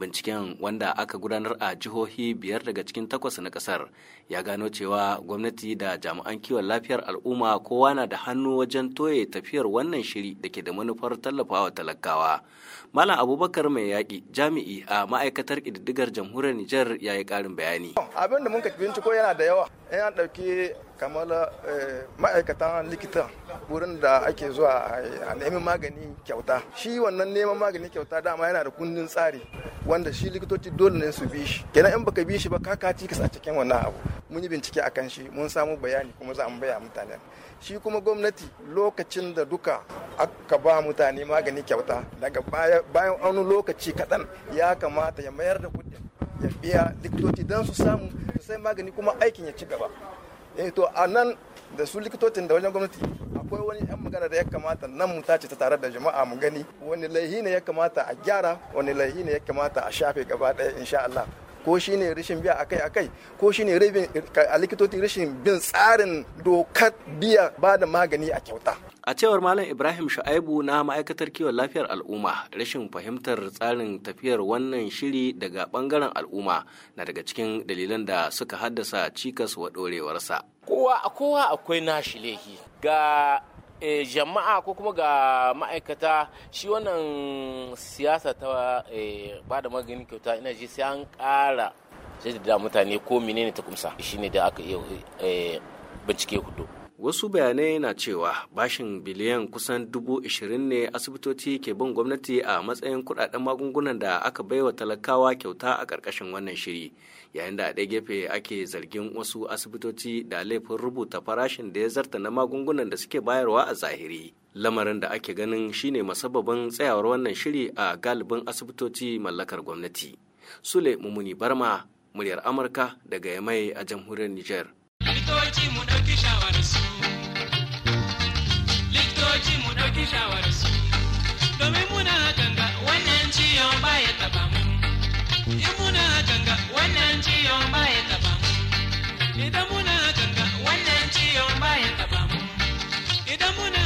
binciken wanda aka gudanar a jihohi biyar daga cikin takwas na kasar ya gano cewa gwamnati da jami'an kiwon lafiyar al'umma kowa na da hannu wajen toye tafiyar wannan shiri da ke da manufar tallafawa talakawa malam abubakar mai yaƙi jami'i a ma'aikatar ƙididdigar jamhuriyar nijar ya yi ƙarin bayani abin da mun binciko yana da yawa in eh, an ɗauki kamar eh, ma'aikatan likita wurin da ake zuwa a nemi magani kyauta shi wannan neman magani kyauta dama yana da kundin tsari wanda shi likitoci dole ne su bi shi kenan in baka bi shi ba ka ka cikas a cikin wannan abu mun yi bincike akan shi mun samu bayani kuma za mu baya mutane shi kuma gwamnati lokacin da duka aka ba mutane magani kyauta daga bayan wani lokaci kaɗan ya kamata ya mayar da kuɗin ya biya likitoci don su samu su sai magani kuma aikin ya ci gaba eh to a nan da su likitocin da wajen gwamnati akwai wani yan magana da ya kamata nan mu tace ta tare da jama'a mu gani wani laihi ne ya kamata a gyara wani laihi ne ya kamata a shafe gaba ɗaya insha Allah ko shine rashin biya akai akai ko shine rabin a likitoci rashin bin tsarin dokar biya ba da magani a kyauta a cewar malam ibrahim sha'aibu na ma'aikatar kiwon lafiyar al'umma rashin fahimtar tsarin tafiyar wannan shiri daga bangaren al'umma na daga cikin dalilan da suka haddasa cikas wa dorewarsa kowa kowa akwai nashi lehi ga e jama'a ko kuma ga ma'aikata shi wannan siyasa ta eh, ba da maganin kyauta ina ji sai an ƙara sai mutane ko menene ta kumsa shine da aka iya eh, bincike hudu wasu bayanai na cewa bashin biliyan kusan dubu ishirin ne asibitoci ke bin gwamnati a matsayin kudaden magungunan da aka baiwa talakawa kyauta a karkashin wannan shiri yayin da a ɗaya gefe ake zargin wasu asibitoci da laifin rubuta farashin da ya zarta na magungunan da suke bayarwa a zahiri lamarin da ake ganin shine masababin tsayawar wannan shiri a galibin asibitoci mallakar gwamnati sule mumuni barma muryar amurka daga yamai a jamhuriyar niger shawararsu likitoci mu ɗauki shawararsu domin muna ganga wannan ciyon ya taba mu in muna ganga wannan ciyon ya taba mu idan muna ganga wannan ciyon ya taba mu idan muna